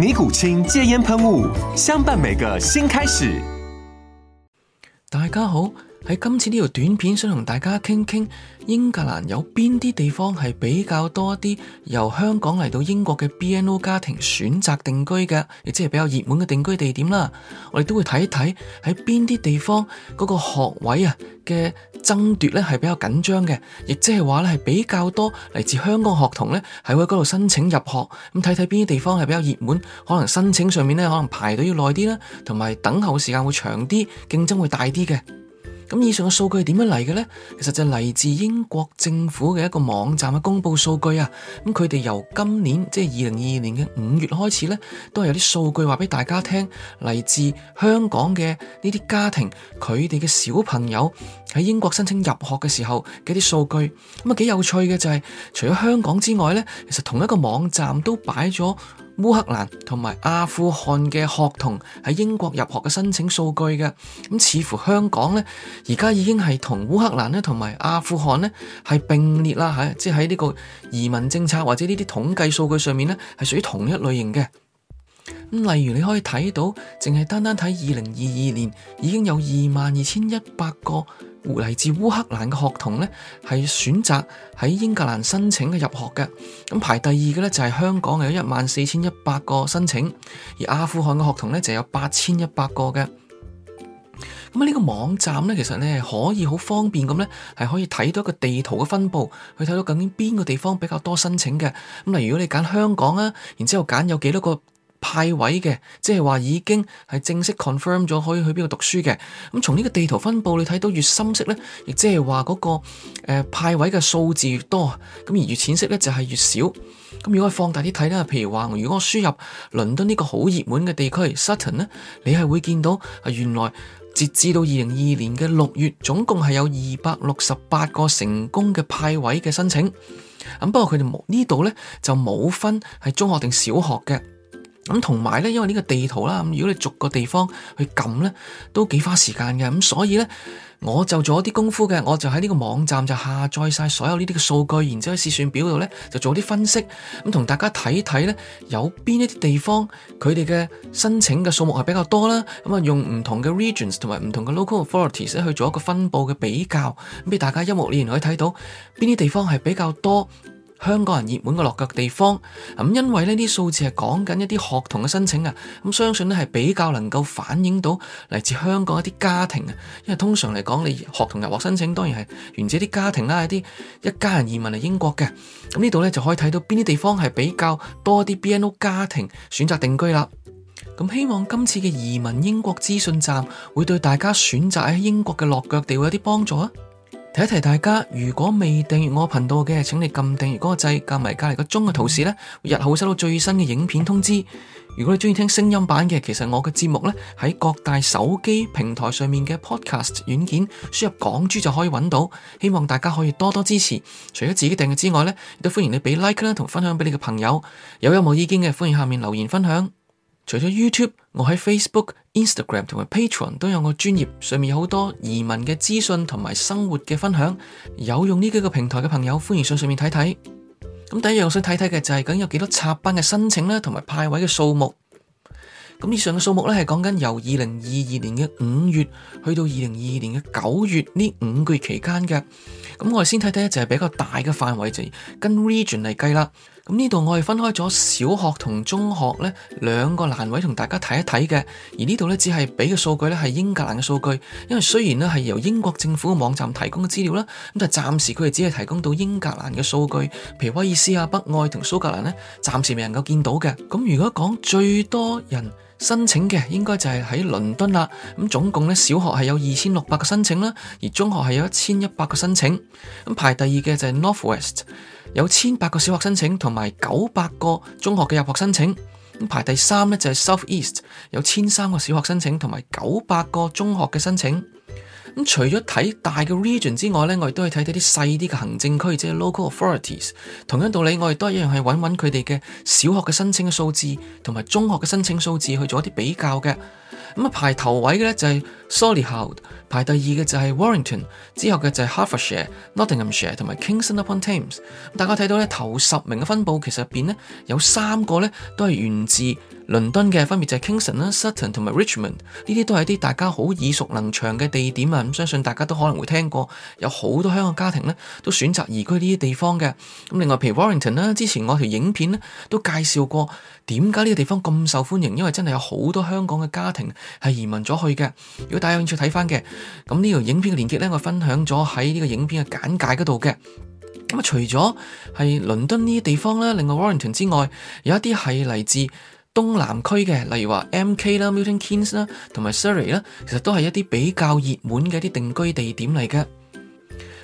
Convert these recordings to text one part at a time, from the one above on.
尼古清戒煙噴霧，相伴每個新開始。大家好。喺今次呢條短片，想同大家傾傾英格蘭有邊啲地方係比較多啲由香港嚟到英國嘅 BNO 家庭選擇定居嘅，亦即係比較熱門嘅定居地點啦。我哋都會睇一睇喺邊啲地方嗰個學位啊嘅爭奪咧係比較緊張嘅，亦即係話咧係比較多嚟自香港學童咧會喺嗰度申請入學。咁睇睇邊啲地方係比較熱門，可能申請上面咧可能排隊要耐啲啦，同埋等候時間會長啲，競爭會大啲嘅。咁以上嘅數據係點樣嚟嘅呢？其實就係嚟自英國政府嘅一個網站嘅公佈數據啊。咁佢哋由今年即係二零二二年嘅五月開始呢，都係有啲數據話俾大家聽，嚟自香港嘅呢啲家庭佢哋嘅小朋友喺英國申請入學嘅時候嘅啲數據咁啊，幾、嗯、有趣嘅就係、是、除咗香港之外呢，其實同一個網站都擺咗。烏克蘭同埋阿富汗嘅學童喺英國入學嘅申請數據嘅，咁似乎香港呢而家已經係同烏克蘭呢同埋阿富汗呢係並列啦吓，即係喺呢個移民政策或者呢啲統計數據上面呢，係屬於同一類型嘅。咁例如你可以睇到，淨係單單睇二零二二年已經有二萬二千一百個。嚟自烏克蘭嘅學童呢，係選擇喺英格蘭申請嘅入學嘅。咁排第二嘅呢，就係香港有一萬四千一百個申請，而阿富汗嘅學童呢，就有八千一百個嘅。咁、這、呢個網站呢，其實呢，可以好方便咁呢，係可以睇到一個地圖嘅分佈，去睇到究竟邊個地方比較多申請嘅。咁例如如果你揀香港啊，然之後揀有幾多個。派位嘅，即係話已經係正式 confirm 咗可以去邊度讀書嘅。咁從呢個地圖分布你睇到越深色咧，亦即係話嗰個誒、呃、派位嘅數字越多，咁而越淺色咧就係、是、越少。咁如果放大啲睇咧，譬如話如果我輸入倫敦呢個好熱門嘅地區 Sutton 咧，Sut ton，你係會見到啊，原來截至到二零二二年嘅六月，總共係有二百六十八個成功嘅派位嘅申請。咁不過佢哋呢度咧就冇分係中學定小學嘅。咁同埋咧，因為呢個地圖啦，咁如果你逐個地方去撳咧，都幾花時間嘅。咁所以咧，我就做咗啲功夫嘅，我就喺呢個網站就下載晒所有呢啲嘅數據，然之後喺試算表度咧就做啲分析，咁、嗯、同大家睇睇咧，有邊一啲地方佢哋嘅申請嘅數目係比較多啦。咁、嗯、啊，用唔同嘅 regions 同埋唔同嘅 local authorities 去做一個分佈嘅比較，咁、嗯、俾大家一目了然可以睇到邊啲地方係比較多。香港人熱門嘅落腳地方，咁因為呢啲數字係講緊一啲學童嘅申請啊，咁、嗯、相信呢係比較能夠反映到嚟自香港一啲家庭啊，因為通常嚟講，你學童入學申請當然係源自一啲家庭啦，一啲一家人移民嚟英國嘅，咁呢度呢，就可以睇到邊啲地方係比較多啲 BNO 家庭選擇定居啦。咁、嗯、希望今次嘅移民英國資訊站會對大家選擇喺英國嘅落腳地會有啲幫助啊！提一提大家，如果未訂閱我頻道嘅，請你撳訂閱嗰個掣，夾埋隔籬個鐘嘅圖示咧，日後會收到最新嘅影片通知。如果你中意聽聲音版嘅，其實我嘅節目呢，喺各大手機平台上面嘅 Podcast 軟件輸入港珠就可以揾到。希望大家可以多多支持。除咗自己訂閱之外呢，亦都歡迎你俾 like 啦，同分享俾你嘅朋友。有有冇意見嘅，歡迎下面留言分享。除咗 YouTube，我喺 Facebook。Instagram 同埋 Patreon 都有我專頁，上面有好多移民嘅資訊同埋生活嘅分享，有用呢幾個平台嘅朋友，歡迎上上面睇睇。咁第一樣想睇睇嘅就係究竟有幾多插班嘅申請啦，同埋派位嘅數目。咁以上嘅數目咧係講緊由二零二二年嘅五月去到二零二二年嘅九月呢五個月期間嘅。咁我哋先睇睇就係比較大嘅範圍，就係跟 region 嚟計啦。咁呢度我係分開咗小學同中學呢兩個欄位同大家睇一睇嘅，而呢度呢，只係俾嘅數據呢係英格蘭嘅數據，因為雖然呢係由英國政府嘅網站提供嘅資料啦，咁但係暫時佢哋只係提供到英格蘭嘅數據，譬如威爾斯啊、北愛同蘇格蘭呢，暫時未能夠見到嘅。咁如果講最多人申請嘅，應該就係喺倫敦啦。咁總共呢，小學係有二千六百個申請啦，而中學係有一千一百個申請。咁排第二嘅就係 Northwest。1 有千百個小學申請同埋九百個中學嘅入學申請，排第三呢，就係 South East，有千三個小學申請同埋九百個中學嘅申請。除咗睇大嘅 region 之外呢，我亦都係睇睇啲細啲嘅行政區，即係 local authorities。同樣道理，我哋都係一樣去揾揾佢哋嘅小學嘅申請嘅數字同埋中學嘅申請數字去做一啲比較嘅。排頭位嘅咧就係 Sollyhough，排第二嘅就係 Warrington，之後嘅就係 h a r v e r d s h i r e Nottinghamshire 同埋 Kingston upon Thames。大家睇到呢頭十名嘅分佈，其實入邊呢有三個呢都係源自倫敦嘅，分別就係 Kingston 啦、Sutton 同埋 Richmond。呢啲都係啲大家好耳熟能詳嘅地點啊！咁相信大家都可能會聽過，有好多香港家庭呢都選擇移居呢啲地方嘅。咁另外，譬如 Warrington 啦，之前我條影片咧都介紹過。點解呢個地方咁受歡迎？因為真係有好多香港嘅家庭係移民咗去嘅。如果大家有興趣睇翻嘅，咁呢條影片嘅連結呢，我分享咗喺呢個影片嘅簡介嗰度嘅。咁啊，除咗係倫敦呢啲地方啦，另外 Warrington 之外，有一啲係嚟自東南區嘅，例如話 MK 啦、Milton Keynes 啦、同埋 Surrey 啦，其實都係一啲比較熱門嘅一啲定居地點嚟嘅。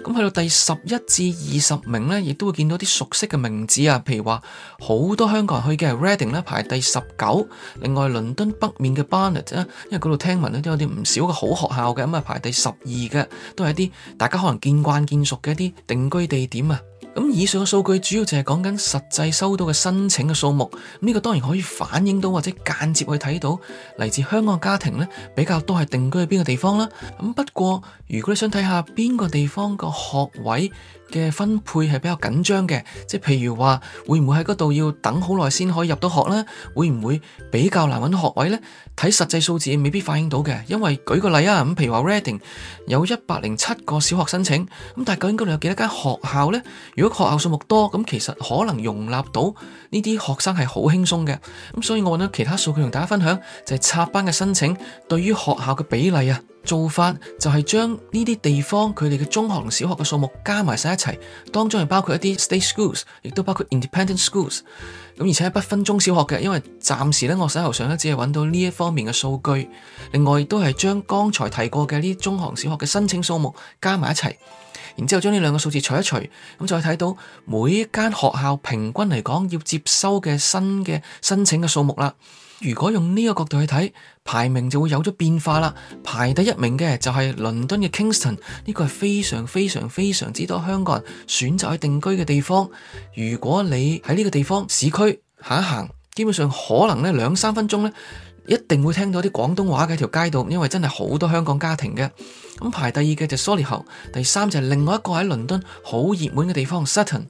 咁去到第十一至二十名呢，亦都會見到啲熟悉嘅名字啊，譬如話好多香港人去嘅 Reading 咧，排第十九，另外倫敦北面嘅 Barnet 咧，因為嗰度聽聞咧都有啲唔少嘅好學校嘅，咁啊排第十二嘅，都係一啲大家可能見慣見熟嘅一啲定居地點啊。咁以上嘅數據主要就係講緊實際收到嘅申請嘅數目，呢個當然可以反映到或者間接去睇到嚟自香港嘅家庭呢，比較多係定居喺邊個地方啦。咁不過如果你想睇下邊個地方個學位嘅分配係比較緊張嘅，即係譬如話會唔會喺嗰度要等好耐先可以入到學呢？會唔會比較難揾到學位呢？睇實際數字未必反映到嘅，因為舉個例啊，咁譬如話 Reading 有一百零七個小學申請，咁但係究竟嗰度有幾多間學校呢？如果學校數目多，咁其實可能容納到呢啲學生係好輕鬆嘅。咁所以我揾到其他數據同大家分享，就係插班嘅申請對於學校嘅比例啊，做法就係將呢啲地方佢哋嘅中學同小學嘅數目加埋晒一齊，當中係包括一啲 state schools，亦都包括 independent schools。咁而且不分中小學嘅，因為暫時咧我手頭上咧只係揾到呢一方面嘅數據，另外亦都係將剛才提過嘅呢中學、小學嘅申請數目加埋一齊，然之後將呢兩個數字除一除，咁就睇到每一間學校平均嚟講要接收嘅新嘅申請嘅數目啦。如果用呢個角度去睇，排名就會有咗變化啦。排第一名嘅就係倫敦嘅 Kingston，呢個係非常非常非常之多香港人選擇去定居嘅地方。如果你喺呢個地方市區，行一行，基本上可能呢兩三分鐘呢，一定會聽到啲廣東話嘅條街度，因為真係好多香港家庭嘅。咁排第二嘅就 Solihull，第三就係另外一個喺倫敦好熱門嘅地方 Sutton，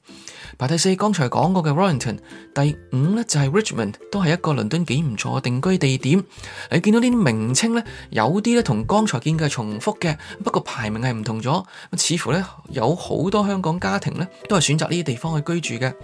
排第四剛才講過嘅 Warrington，第五呢就係 Richmond，都係一個倫敦幾唔錯嘅定居地點。你見到呢啲名稱呢，有啲呢同剛才見嘅重複嘅，不過排名係唔同咗。似乎呢，有好多香港家庭呢，都係選擇呢啲地方去居住嘅。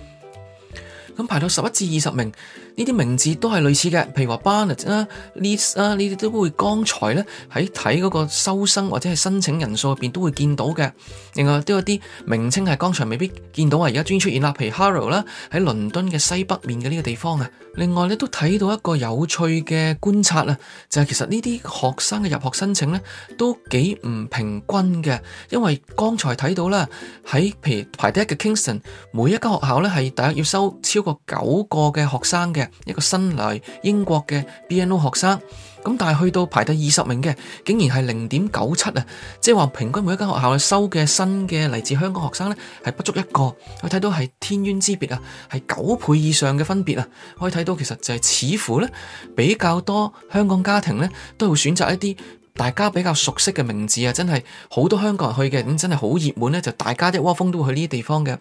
咁排到十一至二十名，呢啲名字都係類似嘅，譬如話 Barnett 啊、list 啊呢啲都會剛才咧喺睇個個收生或者係申請人數入邊都會見到嘅。另外都有啲名稱係剛才未必見到啊，而家終於出現啦，譬如 Harrow 啦、啊、喺倫敦嘅西北面嘅呢個地方啊。另外咧都睇到一個有趣嘅觀察啊，就係、是、其實呢啲學生嘅入學申請咧都幾唔平均嘅，因為剛才睇到啦喺譬如排第一嘅 Kingston，每一間學校咧係大約要收超。個九個嘅學生嘅一個新嚟英國嘅 BNO 學生，咁但係去到排第二十名嘅，竟然係零點九七啊，即係話平均每一間學校收嘅新嘅嚟自香港學生呢係不足一個。可以睇到係天淵之別啊，係九倍以上嘅分別啊，可以睇到其實就係似乎呢比較多香港家庭呢都會選擇一啲大家比較熟悉嘅名字啊，真係好多香港人去嘅，咁真係好熱門呢，就大家一窩蜂都會去呢啲地方嘅。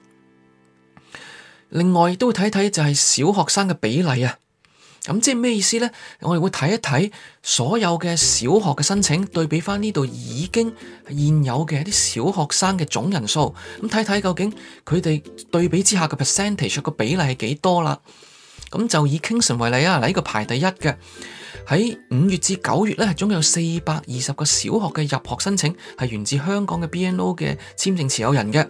另外都會睇睇就係小學生嘅比例啊，咁即係咩意思呢？我哋會睇一睇所有嘅小學嘅申請對比翻呢度已經現有嘅一啲小學生嘅總人數，咁睇睇究竟佢哋對比之下嘅 percentage 個比例係幾多啦。咁、啊、就以 Kingston 為例啊，嚟呢個排第一嘅喺五月至九月咧，總共有四百二十個小學嘅入學申請係源自香港嘅 BNO 嘅簽證持有人嘅。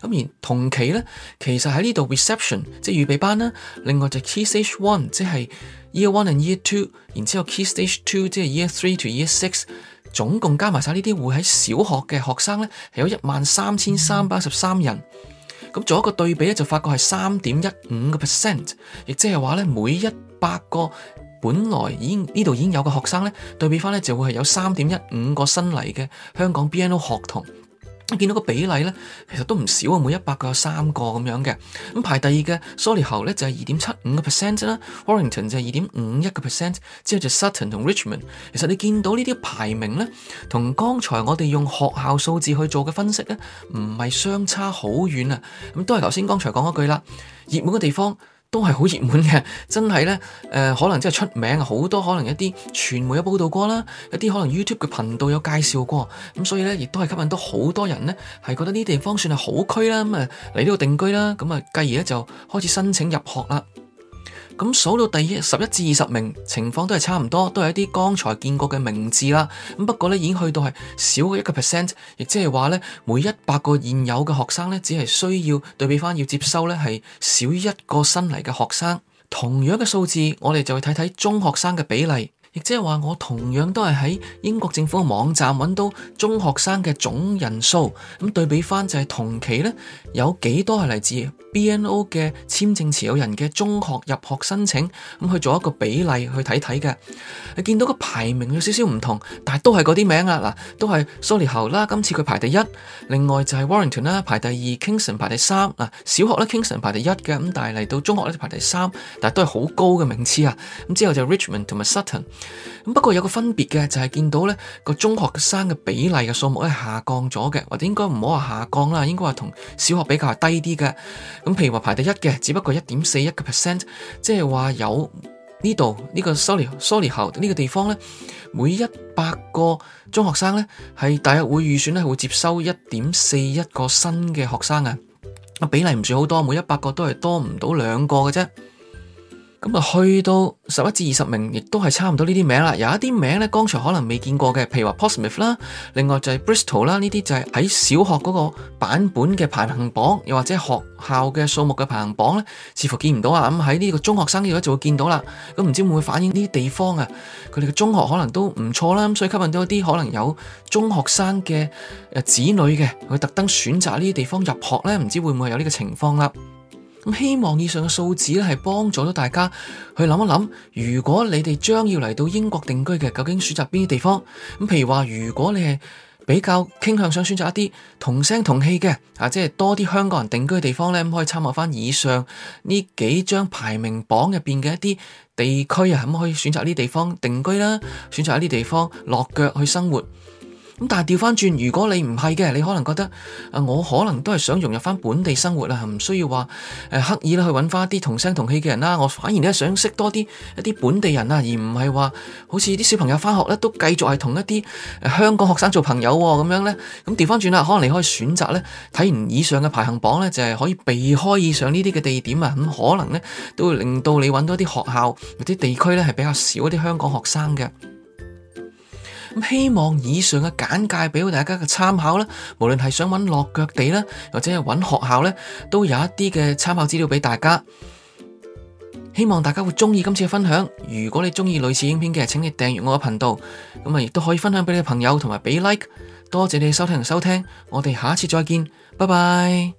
咁而同期咧，其實喺呢度 reception 即係預備班啦，另外就 key stage one 即係 year one and year two，然之後 key stage two 即係 year three to year six，總共加埋晒呢啲會喺小學嘅學生咧，係有一萬三千三百十三人。咁做一個對比咧，就發覺係三點一五個 percent，亦即係話咧，每一百個本來已呢度已經有嘅學生咧，對比翻咧就會係有三點一五個新嚟嘅香港 BNO 學童。見到個比例呢，其實都唔少啊，每一百個有三個咁樣嘅。咁排第二嘅 Solihull 呢就係二點七五個 percent 啦，Warrington 就係二點五一個 percent，之後就 Sutton 同 Richmond。其實你見到呢啲排名呢，同剛才我哋用學校數字去做嘅分析呢，唔係相差好遠啊。咁都係頭先剛才講嗰句啦，熱門嘅地方。都係好熱門嘅，真係呢，誒、呃，可能真係出名好多可能一啲傳媒有報道過啦，一啲可能 YouTube 嘅頻道有介紹過，咁所以呢，亦都係吸引到好多人呢，係覺得呢地方算係好區啦，咁啊嚟呢度定居啦，咁啊繼而呢，就開始申請入學啦。咁數到第十一至二十名情況都係差唔多，都係一啲剛才見過嘅名字啦。咁不過呢，已經去到係少過一個 percent，亦即係話呢，每一百個現有嘅學生呢，只係需要對比返要接收呢係少於一個新嚟嘅學生。同樣嘅數字，我哋就會睇睇中學生嘅比例。即係話我同樣都係喺英國政府嘅網站揾到中學生嘅總人數，咁對比翻就係同期呢，有幾多係嚟自 BNO 嘅簽證持有人嘅中學入學申請，咁去做一個比例去睇睇嘅，你見到個排名有少少唔同，但係都係嗰啲名啊，嗱都係 Sunny 後啦，今次佢排第一，另外就係 Warrington 啦排第二，Kingston 排第三，嗱、啊、小學咧 Kingston 排第一嘅，咁但係嚟到中學咧就排第三，但係都係好高嘅名次啊，咁之後就 Richmond 同埋 Sutton。咁不過有個分別嘅就係、是、見到咧個中學生嘅比例嘅數目咧下降咗嘅，或者應該唔好話下降啦，應該話同小學比較係低啲嘅。咁譬如話排第一嘅，只不過一點四一個 percent，即係話有呢度呢個 Solihull Solihull 呢個地方咧，每一百個中學生咧係大約會預算咧係會接收一點四一個新嘅學生啊，比例唔算好多，每一百個都係多唔到兩個嘅啫。咁啊，去到十一至二十名，亦都係差唔多呢啲名啦。有一啲名呢，剛才可能未見過嘅，譬如話 Portsmouth 啦，另外就係 Bristol 啦，呢啲就係喺小學嗰個版本嘅排行榜，又或者學校嘅數目嘅排行榜呢，似乎見唔到啊。咁喺呢個中學生嘅度，就會見到啦。咁唔知會唔會反映呢啲地方啊？佢哋嘅中學可能都唔錯啦，咁所以吸引到一啲可能有中學生嘅子女嘅，佢特登選擇呢啲地方入學呢，唔知會唔會有呢個情況啦？咁希望以上嘅數字咧，係幫助到大家去諗一諗，如果你哋將要嚟到英國定居嘅，究竟選擇邊啲地方？咁譬如話，如果你係比較傾向想選擇一啲同聲同氣嘅啊，即係多啲香港人定居嘅地方咧，咁可以參考翻以上呢幾張排名榜入邊嘅一啲地區啊，咁可以選擇呢啲地方定居啦，選擇一啲地方落腳去生活。但係調翻轉，如果你唔係嘅，你可能覺得啊，我可能都係想融入翻本地生活啦，唔需要話誒刻意咧去揾翻啲同聲同氣嘅人啦。我反而咧想識多啲一啲本地人啊，而唔係話好似啲小朋友翻學咧都繼續係同一啲誒香港學生做朋友喎咁樣咧。咁調翻轉啦，可能你可以選擇咧睇完以上嘅排行榜咧，就係可以避開以上呢啲嘅地點啊。咁可能咧都會令到你揾到一啲學校或啲地區咧係比較少一啲香港學生嘅。希望以上嘅簡介俾到大家嘅參考啦，無論係想揾落腳地啦，或者係揾學校呢，都有一啲嘅參考資料俾大家。希望大家會中意今次嘅分享。如果你中意類似影片嘅，請你訂閱我嘅頻道。咁啊，亦都可以分享俾你嘅朋友同埋俾 like。多謝你收聽同收聽，我哋下一次再見，拜拜。